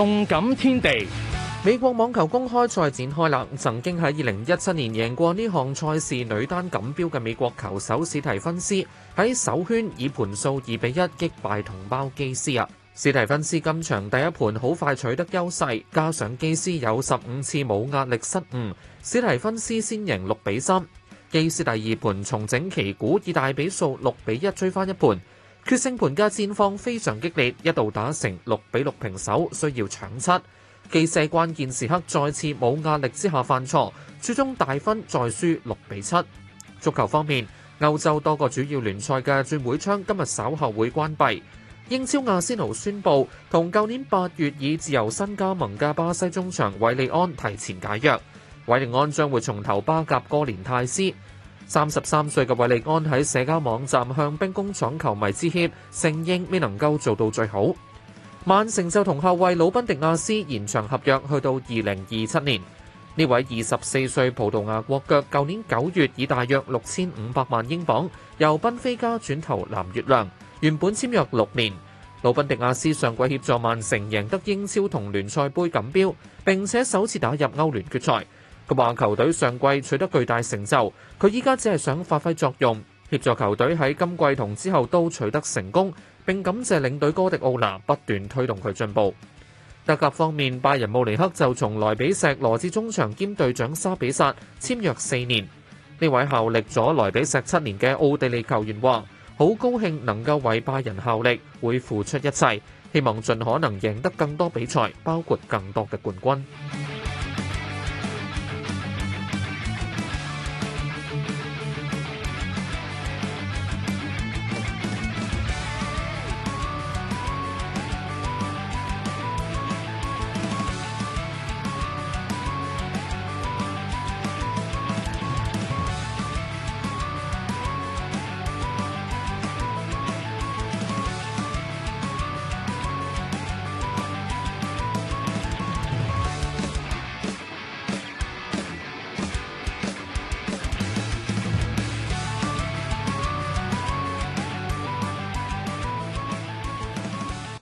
動感天地，美國網球公開賽展開啦！曾經喺二零一七年贏過呢項賽事女單錦標嘅美國球手史提芬絲喺首圈以盤數二比一擊敗同胞姬絲啊！史提芬絲今場第一盤好快取得優勢，加上姬絲有十五次冇壓力失誤，史提芬絲先贏六比三。姬絲第二盤重整旗鼓，以大比數六比一追返一盤。決勝盤嘅戰況非常激烈，一度打成六比六平手，需要搶七。記者關鍵時刻再次冇壓力之下犯錯，最終大分再輸六比七。足球方面，歐洲多個主要聯賽嘅轉會窗今日稍後會關閉。英超阿仙奴宣布同舊年八月以自由身加盟嘅巴西中場韋利安提前解約，韋利安將會重投巴甲哥連泰斯。三十三歲嘅韋利安喺社交網站向兵工廠球迷致歉，承認未能夠做到最好。曼城就同後衛魯賓迪亞斯延長合約去到二零二七年。呢位二十四歲葡萄牙國腳，舊年九月以大約六千五百萬英鎊由賓菲加轉投藍月亮，原本簽約六年。魯賓迪亞斯上季協助曼城贏得英超同聯賽杯錦標，並且首次打入歐聯決賽。佢話：球隊上季取得巨大成就，佢依家只係想發揮作用，協助球隊喺今季同之後都取得成功。並感謝領隊哥迪奧拿不斷推動佢進步。德甲方面，拜仁慕尼黑就從萊比錫羅致中場兼隊長沙比薩簽約四年。呢位效力咗萊比錫七年嘅奧地利球員話：好高興能夠為拜仁效力，會付出一切，希望盡可能贏得更多比賽，包括更多嘅冠軍。